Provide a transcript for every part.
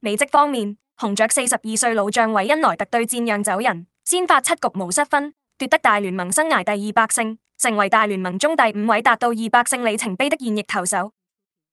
美職方面，紅雀四十二歲老將韋恩萊特對戰釀酒人，先發七局無失分，奪得大聯盟生涯第二百勝，成為大聯盟中第五位達到二百勝里程碑的現役投手。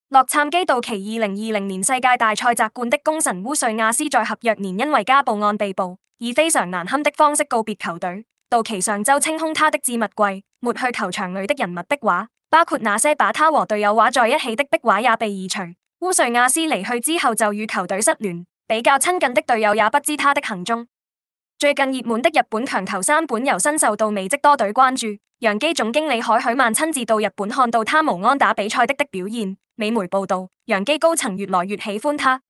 洛杉磯道奇二零二零年世界大賽摘冠的功臣烏瑞亞斯在合約年因為家暴案被捕，以非常難堪的方式告別球隊。道奇上周清空他的置物櫃，抹去球場裏的人物壁畫，包括那些把他和隊友畫在一起的壁畫也被移除。烏瑞亞斯離去之後就與球隊失聯，比較親近的隊友也不知他的行蹤。最近熱門的日本強球三本由新受到美職多隊關注，楊基總經理海許曼親自到日本看到他無安打比賽的的表現。美媒報道，楊基高層越來越喜歡他。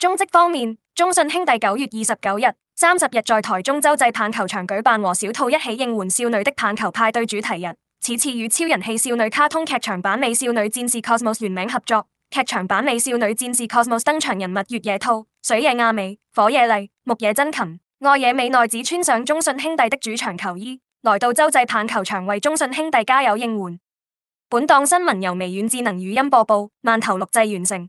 中職方面，中信兄弟九月二十九日、三十日在台中洲際棒球場舉辦和小兔一起應援少女的棒球派對主題日，此次與超人氣少女卡通劇場版《美少女戰士 Cosmos》聯名合作。劇場版《美少女戰士 Cosmos》登場人物：月野兔、水野亞美、火野麗、木野真琴、愛野美奈子，穿上中信兄弟的主場球衣，來到洲際棒球場為中信兄弟加油應援。本檔新聞由微軟智能語音播報，慢頭錄製完成。